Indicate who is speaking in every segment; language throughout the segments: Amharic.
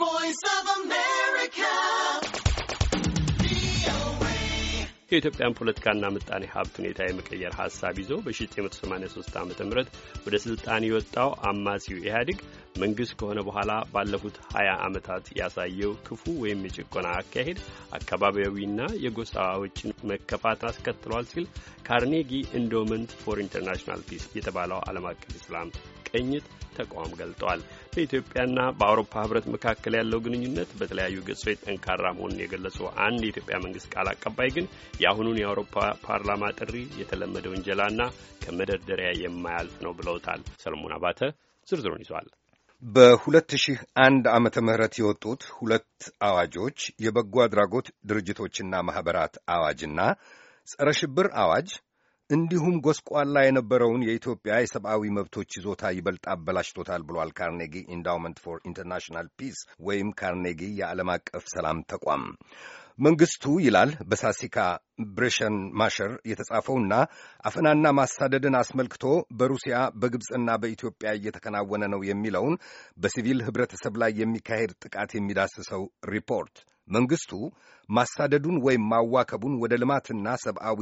Speaker 1: voice of America. የኢትዮጵያን ፖለቲካና ምጣኔ ሀብት ሁኔታ የመቀየር ሀሳብ ይዞ በ1983 ዓ ም ወደ ስልጣን የወጣው አማጺው ኢህአዴግ መንግሥት ከሆነ በኋላ ባለፉት 20 ዓመታት ያሳየው ክፉ ወይም የጭቆና አካሄድ አካባቢያዊና የጎሳዎችን መከፋት አስከትሏል ሲል ካርኔጊ ኢንዶመንት ፎር ኢንተርናሽናል ፒስ የተባለው ዓለም አቀፍ ኢስላም ቅኝት ተቋም ገልጠዋል። በኢትዮጵያና በአውሮፓ ህብረት መካከል ያለው ግንኙነት በተለያዩ ገጾች ጠንካራ መሆኑን የገለጹ አንድ የኢትዮጵያ መንግስት ቃል አቀባይ ግን የአሁኑን የአውሮፓ ፓርላማ ጥሪ የተለመደ ውንጀላና ከመደርደሪያ የማያልፍ ነው ብለውታል። ሰለሞን አባተ ዝርዝሩን ይዟል።
Speaker 2: በ2001 ዓመተ ምህረት የወጡት ሁለት አዋጆች የበጎ አድራጎት ድርጅቶችና ማኅበራት አዋጅና ጸረ ሽብር አዋጅ እንዲሁም ጎስቋላ የነበረውን የኢትዮጵያ የሰብአዊ መብቶች ይዞታ ይበልጥ አበላሽቶታል ብሏል ካርኔጊ ኢንዳውመንት ፎር ኢንተርናሽናል ፒስ ወይም ካርኔጊ የዓለም አቀፍ ሰላም ተቋም። መንግስቱ ይላል በሳሲካ ብሬሸን ማሸር የተጻፈውና አፈናና ማሳደድን አስመልክቶ በሩሲያ በግብፅና በኢትዮጵያ እየተከናወነ ነው የሚለውን በሲቪል ህብረተሰብ ላይ የሚካሄድ ጥቃት የሚዳስሰው ሪፖርት መንግስቱ ማሳደዱን ወይም ማዋከቡን ወደ ልማትና ሰብአዊ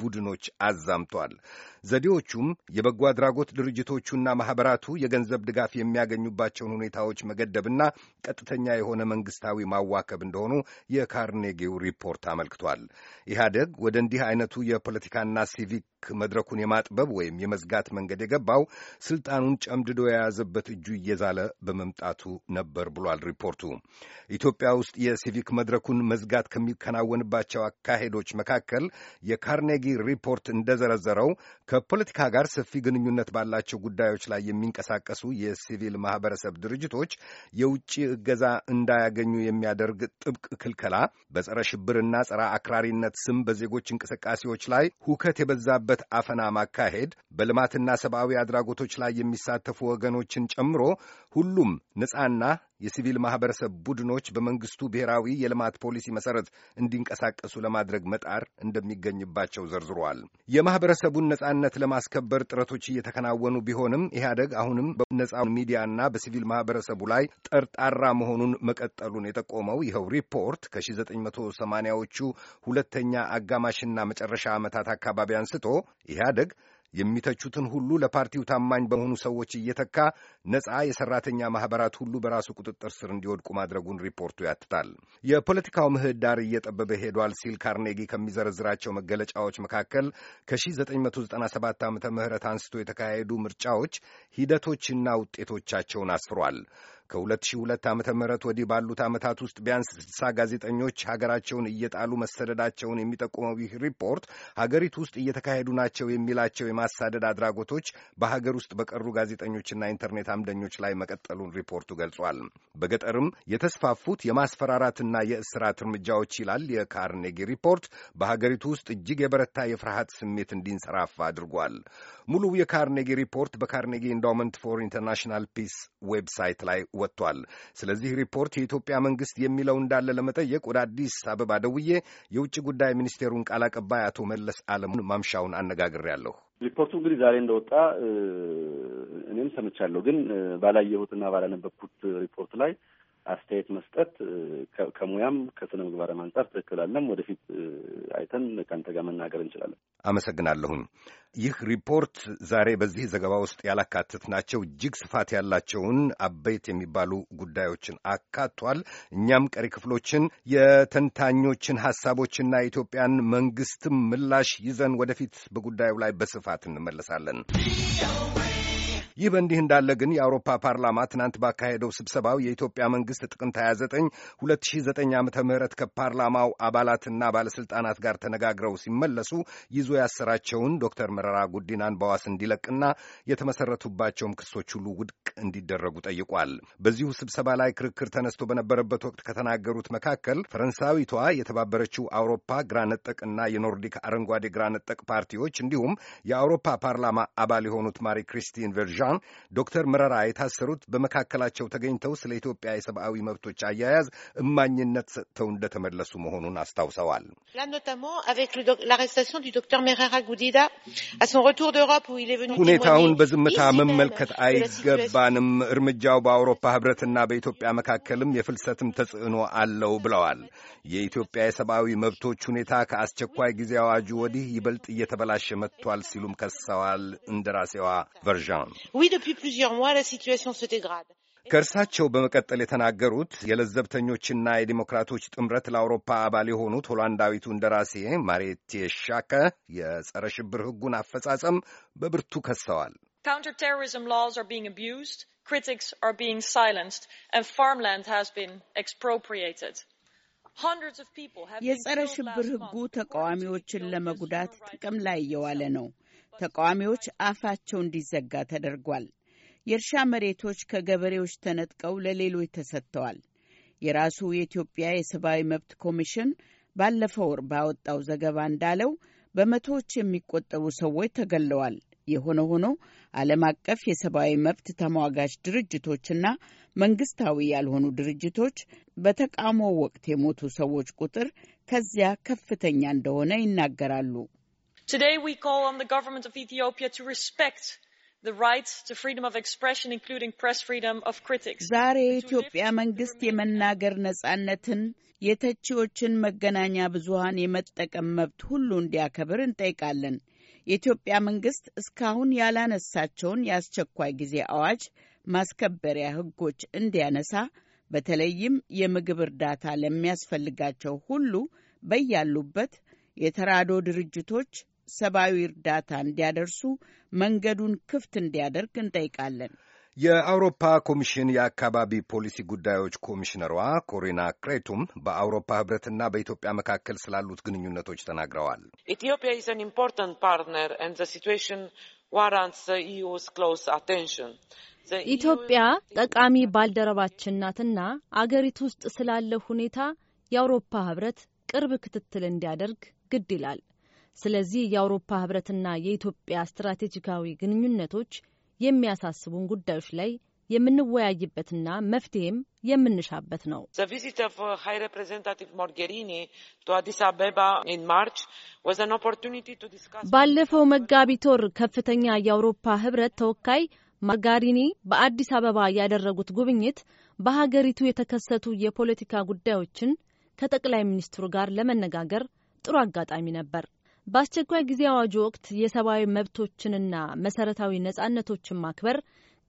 Speaker 2: ቡድኖች አዛምቷል። ዘዴዎቹም የበጎ አድራጎት ድርጅቶቹና ማኅበራቱ የገንዘብ ድጋፍ የሚያገኙባቸውን ሁኔታዎች መገደብና ቀጥተኛ የሆነ መንግሥታዊ ማዋከብ እንደሆኑ የካርኔጌው ሪፖርት አመልክቷል። ኢህአደግ ወደ እንዲህ አይነቱ የፖለቲካና ሲቪክ መድረኩን የማጥበብ ወይም የመዝጋት መንገድ የገባው ስልጣኑን ጨምድዶ የያዘበት እጁ እየዛለ በመምጣቱ ነበር ብሏል ሪፖርቱ። ኢትዮጵያ ውስጥ የሲቪክ መድረኩን መዝጋት ጥናት ከሚከናወንባቸው አካሄዶች መካከል የካርኔጊ ሪፖርት እንደዘረዘረው ከፖለቲካ ጋር ሰፊ ግንኙነት ባላቸው ጉዳዮች ላይ የሚንቀሳቀሱ የሲቪል ማህበረሰብ ድርጅቶች የውጭ እገዛ እንዳያገኙ የሚያደርግ ጥብቅ ክልከላ በጸረ ሽብርና ጸረ አክራሪነት ስም በዜጎች እንቅስቃሴዎች ላይ ሁከት የበዛበት አፈና ማካሄድ በልማትና ሰብአዊ አድራጎቶች ላይ የሚሳተፉ ወገኖችን ጨምሮ ሁሉም ነጻና የሲቪል ማኅበረሰብ ቡድኖች በመንግሥቱ ብሔራዊ የልማት ፖሊሲ መሠረት እንዲንቀሳቀሱ ለማድረግ መጣር እንደሚገኝባቸው ዘርዝሯል። የማኅበረሰቡን ነጻነት ለማስከበር ጥረቶች እየተከናወኑ ቢሆንም ኢህአደግ አሁንም በነጻ ሚዲያና በሲቪል ማኅበረሰቡ ላይ ጠርጣራ መሆኑን መቀጠሉን የጠቆመው ይኸው ሪፖርት ከ1980ዎቹ ሁለተኛ አጋማሽና መጨረሻ ዓመታት አካባቢ አንስቶ ኢህአደግ የሚተቹትን ሁሉ ለፓርቲው ታማኝ በሆኑ ሰዎች እየተካ ነጻ የሰራተኛ ማኅበራት ሁሉ በራሱ ቁጥጥር ስር እንዲወድቁ ማድረጉን ሪፖርቱ ያትታል። የፖለቲካው ምህዳር እየጠበበ ሄዷል ሲል ካርኔጊ ከሚዘረዝራቸው መገለጫዎች መካከል ከ1997 ዓ ም አንስቶ የተካሄዱ ምርጫዎች ሂደቶችና ውጤቶቻቸውን አስፍሯል። ከ2002 ዓ ም ወዲህ ባሉት ዓመታት ውስጥ ቢያንስ 60 ጋዜጠኞች ሀገራቸውን እየጣሉ መሰደዳቸውን የሚጠቁመው ይህ ሪፖርት ሀገሪቱ ውስጥ እየተካሄዱ ናቸው የሚላቸው የማሳደድ አድራጎቶች በሀገር ውስጥ በቀሩ ጋዜጠኞችና ኢንተርኔት አምደኞች ላይ መቀጠሉን ሪፖርቱ ገልጿል። በገጠርም የተስፋፉት የማስፈራራትና የእስራት እርምጃዎች ይላል የካርኔጊ ሪፖርት በሀገሪቱ ውስጥ እጅግ የበረታ የፍርሃት ስሜት እንዲንሰራፋ አድርጓል። ሙሉ የካርኔጊ ሪፖርት በካርኔጊ ኢንዳውመንት ፎር ኢንተርናሽናል ፒስ ዌብሳይት ላይ ወጥቷል። ስለዚህ ሪፖርት የኢትዮጵያ መንግስት የሚለው እንዳለ ለመጠየቅ ወደ አዲስ አበባ ደውዬ የውጭ ጉዳይ ሚኒስቴሩን ቃል አቀባይ አቶ መለስ አለሙን ማምሻውን አነጋግሬያለሁ።
Speaker 1: ሪፖርቱ እንግዲህ ዛሬ እንደወጣ እኔም ሰምቻለሁ፣ ግን ባላየሁትና ባላነበብኩት ሪፖርት ላይ አስተያየት መስጠት ከሙያም ከስነ ምግባርም አንጻር ትክክል አለም። ወደፊት አይተን
Speaker 2: ከአንተ ጋር መናገር እንችላለን። አመሰግናለሁኝ። ይህ ሪፖርት ዛሬ በዚህ ዘገባ ውስጥ ያላካትት ናቸው እጅግ ስፋት ያላቸውን አበይት የሚባሉ ጉዳዮችን አካቷል። እኛም ቀሪ ክፍሎችን የተንታኞችን ሀሳቦችና የኢትዮጵያን መንግስትም ምላሽ ይዘን ወደፊት በጉዳዩ ላይ በስፋት እንመለሳለን። ይህ በእንዲህ እንዳለ ግን የአውሮፓ ፓርላማ ትናንት ባካሄደው ስብሰባው የኢትዮጵያ መንግስት ጥቅምት 29 2009 ዓ ም ከፓርላማው አባላትና ባለሥልጣናት ጋር ተነጋግረው ሲመለሱ ይዞ ያሰራቸውን ዶክተር መረራ ጉዲናን በዋስ እንዲለቅና የተመሠረቱባቸውም ክሶች ሁሉ ውድቅ እንዲደረጉ ጠይቋል። በዚሁ ስብሰባ ላይ ክርክር ተነስቶ በነበረበት ወቅት ከተናገሩት መካከል ፈረንሳዊቷ የተባበረችው አውሮፓ ግራ የኖርዲክ አረንጓዴ ግራነጠቅ ፓርቲዎች እንዲሁም የአውሮፓ ፓርላማ አባል የሆኑት ማሪ ክሪስቲን ቨርዣ ዶክተር መረራ የታሰሩት በመካከላቸው ተገኝተው ስለ ኢትዮጵያ የሰብአዊ መብቶች አያያዝ እማኝነት ሰጥተው እንደተመለሱ መሆኑን አስታውሰዋል።
Speaker 3: ሁኔታውን በዝምታ
Speaker 2: መመልከት አይገባንም። እርምጃው በአውሮፓ ህብረትና በኢትዮጵያ መካከልም የፍልሰትም ተጽዕኖ አለው ብለዋል። የኢትዮጵያ የሰብአዊ መብቶች ሁኔታ ከአስቸኳይ ጊዜ አዋጁ ወዲህ ይበልጥ እየተበላሸ መጥቷል ሲሉም ከሰዋል። እንደራሴዋ ቨርዣን ከእርሳቸው በመቀጠል የተናገሩት የለዘብተኞችና የዲሞክራቶች ጥምረት ለአውሮፓ አባል የሆኑት ሆላንዳዊቱ እንደራሴ ማሪቴ ሻከ የጸረ ሽብር ሕጉን አፈጻጸም በብርቱ ከሰዋል። የጸረ ሽብር ህጉ
Speaker 3: ተቃዋሚዎችን ለመጉዳት ጥቅም ላይ እየዋለ ነው። ተቃዋሚዎች አፋቸው እንዲዘጋ ተደርጓል። የእርሻ መሬቶች ከገበሬዎች ተነጥቀው ለሌሎች ተሰጥተዋል። የራሱ የኢትዮጵያ የሰብአዊ መብት ኮሚሽን ባለፈው ወር ባወጣው ዘገባ እንዳለው በመቶዎች የሚቆጠሩ ሰዎች ተገለዋል። የሆነ ሆኖ ዓለም አቀፍ የሰብአዊ መብት ተሟጋች ድርጅቶችና መንግስታዊ ያልሆኑ ድርጅቶች በተቃውሞ ወቅት የሞቱ ሰዎች ቁጥር ከዚያ ከፍተኛ እንደሆነ ይናገራሉ። today we call on the government of ethiopia to respect
Speaker 2: ዛሬ
Speaker 3: የኢትዮጵያ መንግስት የመናገር ነጻነትን የተቺዎችን መገናኛ ብዙሃን የመጠቀም መብት ሁሉ እንዲያከብር እንጠይቃለን። የኢትዮጵያ መንግስት እስካሁን ያላነሳቸውን የአስቸኳይ ጊዜ አዋጅ ማስከበሪያ ህጎች እንዲያነሳ፣ በተለይም የምግብ እርዳታ ለሚያስፈልጋቸው ሁሉ በያሉበት የተራዶ ድርጅቶች ሰብአዊ እርዳታ እንዲያደርሱ መንገዱን ክፍት እንዲያደርግ እንጠይቃለን።
Speaker 2: የአውሮፓ ኮሚሽን የአካባቢ ፖሊሲ ጉዳዮች ኮሚሽነሯ ኮሪና ክሬቱም በአውሮፓ ህብረትና በኢትዮጵያ መካከል ስላሉት ግንኙነቶች ተናግረዋል።
Speaker 3: ኢትዮጵያ ኢዝ አን ኢምፖርታንት ፓርትነር ኤንድ ዘ ዋራንትስ ክሎዝ አቴንሽን። ኢትዮጵያ
Speaker 2: ጠቃሚ ባልደረባችን ናትና አገሪቱ ውስጥ ስላለው ሁኔታ የአውሮፓ ህብረት ቅርብ ክትትል እንዲያደርግ ግድ ይላል። ስለዚህ የአውሮፓ ህብረትና የኢትዮጵያ ስትራቴጂካዊ ግንኙነቶች የሚያሳስቡን ጉዳዮች ላይ የምንወያይበትና መፍትሄም የምንሻበት
Speaker 3: ነው። uh,
Speaker 2: ባለፈው መጋቢት ወር ከፍተኛ የአውሮፓ ህብረት ተወካይ ማጋሪኒ በአዲስ አበባ ያደረጉት ጉብኝት በሀገሪቱ የተከሰቱ የፖለቲካ ጉዳዮችን ከጠቅላይ ሚኒስትሩ ጋር ለመነጋገር ጥሩ አጋጣሚ ነበር። በአስቸኳይ ጊዜ አዋጅ ወቅት የሰብአዊ መብቶችንና መሰረታዊ ነጻነቶችን ማክበር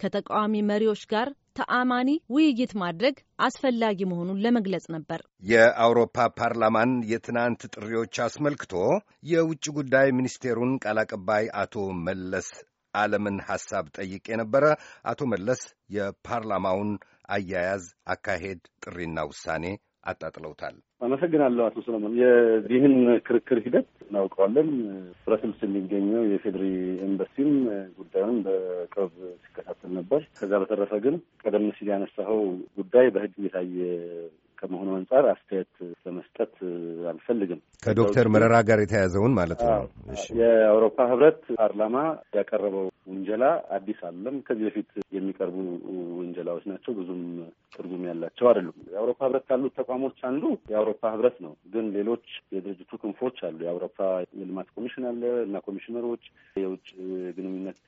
Speaker 2: ከተቃዋሚ መሪዎች ጋር ተአማኒ ውይይት ማድረግ አስፈላጊ መሆኑን ለመግለጽ ነበር። የአውሮፓ ፓርላማን የትናንት ጥሪዎች አስመልክቶ የውጭ ጉዳይ ሚኒስቴሩን ቃል አቀባይ አቶ መለስ ዓለምን ሐሳብ ጠይቄ ነበረ። አቶ መለስ የፓርላማውን አያያዝ፣ አካሄድ፣ ጥሪና ውሳኔ አጣጥለውታል።
Speaker 1: አመሰግናለሁ አቶ ሰለሞን። የዚህን ክርክር ሂደት እናውቀዋለን። ብረስልስ የሚገኘው የፌዴሪ ኤምባሲም ጉዳዩን በቅርብ ሲከታተል ነበር። ከዛ በተረፈ ግን ቀደም ሲል ያነሳኸው ጉዳይ በህግ የታየ ከመሆኑ አንጻር አስተያየት ለመስጠት አልፈልግም።
Speaker 2: ከዶክተር መረራ ጋር የተያያዘውን ማለት ነው።
Speaker 1: የአውሮፓ ህብረት ፓርላማ ያቀረበው ውንጀላ አዲስ አለም ከዚህ በፊት የሚቀርቡ ውንጀላዎች ናቸው። ብዙም ትርጉም ያላቸው አይደሉም። የአውሮፓ ህብረት ካሉት ተቋሞች አንዱ የአውሮፓ ህብረት ነው። ግን ሌሎች የድርጅቱ ክንፎች አሉ። የአውሮፓ የልማት ኮሚሽን አለ እና ኮሚሽነሮች፣ የውጭ ግንኙነት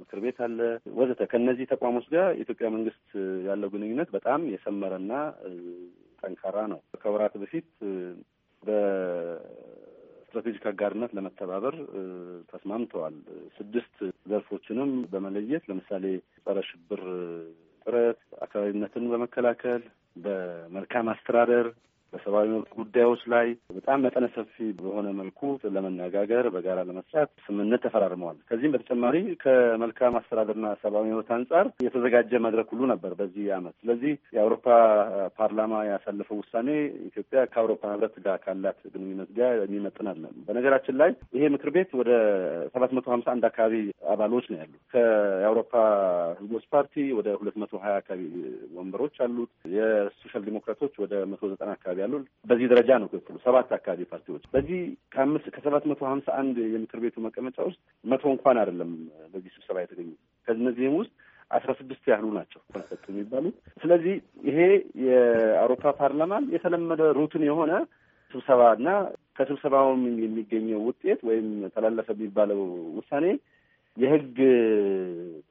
Speaker 1: ምክር ቤት አለ ወዘተ። ከእነዚህ ተቋሞች ጋር የኢትዮጵያ መንግስት ያለው ግንኙነት በጣም የሰመረና ጠንካራ ነው። ከወራት በፊት በስትራቴጂክ አጋርነት ለመተባበር ተስማምተዋል። ስድስት ዘርፎችንም በመለየት ለምሳሌ ጸረ ሽብር ጥረት፣ አካባቢነትን በመከላከል በመልካም አስተዳደር በሰብአዊ መብት ጉዳዮች ላይ በጣም መጠነ ሰፊ በሆነ መልኩ ለመነጋገር በጋራ ለመስራት ስምምነት ተፈራርመዋል። ከዚህም በተጨማሪ ከመልካም አስተዳደርና ሰብአዊ መብት አንጻር የተዘጋጀ መድረክ ሁሉ ነበር በዚህ ዓመት። ስለዚህ የአውሮፓ ፓርላማ ያሳለፈው ውሳኔ ኢትዮጵያ ከአውሮፓ ሕብረት ጋር ካላት ግንኙነት ጋር የሚመጥን አለ። በነገራችን ላይ ይሄ ምክር ቤት ወደ ሰባት መቶ ሀምሳ አንድ አካባቢ አባሎች ነው ያሉት። ከአውሮፓ ህጎች ፓርቲ ወደ ሁለት መቶ ሀያ አካባቢ ወንበሮች አሉት። የሶሻል ዲሞክራቶች ወደ መቶ ዘጠና አካባቢ ያሉ በዚህ ደረጃ ነው ክፍሉ ሰባት አካባቢ ፓርቲዎች በዚህ ከአምስት ከሰባት መቶ ሀምሳ አንድ የምክር ቤቱ መቀመጫ ውስጥ መቶ እንኳን አይደለም በዚህ ስብሰባ የተገኙ ከነዚህም ውስጥ አስራ ስድስት ያህሉ ናቸው ሰጡ የሚባሉት። ስለዚህ ይሄ የአውሮፓ ፓርላማን የተለመደ ሩትን የሆነ ስብሰባ እና ከስብሰባውም የሚገኘው ውጤት ወይም ተላለፈ የሚባለው ውሳኔ የህግ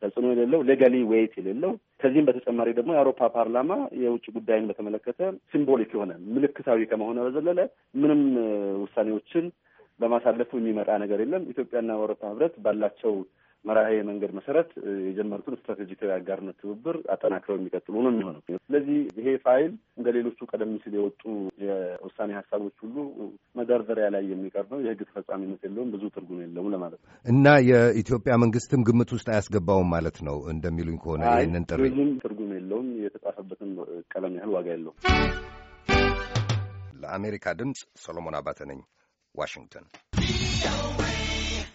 Speaker 1: ተጽዕኖ የሌለው ሌጋሊ ዌይት የሌለው ከዚህም በተጨማሪ ደግሞ የአውሮፓ ፓርላማ የውጭ ጉዳይን በተመለከተ ሲምቦሊክ የሆነ ምልክታዊ ከመሆነ በዘለለ ምንም ውሳኔዎችን በማሳለፉ የሚመጣ ነገር የለም። ኢትዮጵያና አውሮፓ ህብረት ባላቸው መርሃ የመንገድ መሰረት የጀመሩትን ስትራቴጂካዊ አጋርነት ትብብር አጠናክረው የሚቀጥሉ ነው የሚሆነው። ስለዚህ ይሄ ፋይል እንደ ሌሎቹ ቀደም ሲል የወጡ የውሳኔ ሀሳቦች ሁሉ መደርደሪያ ላይ የሚቀርብ ነው። የህግ ተፈጻሚነት የለውም፣ ብዙ ትርጉም የለውም ለማለት ነው
Speaker 2: እና የኢትዮጵያ መንግስትም ግምት ውስጥ አያስገባውም ማለት ነው እንደሚሉኝ ከሆነ ይህንን ጥሪ ብዙም ትርጉም የለውም፣ የተጻፈበትን ቀለም ያህል ዋጋ የለውም። ለአሜሪካ ድምፅ ሰሎሞን አባተ ነኝ ዋሽንግተን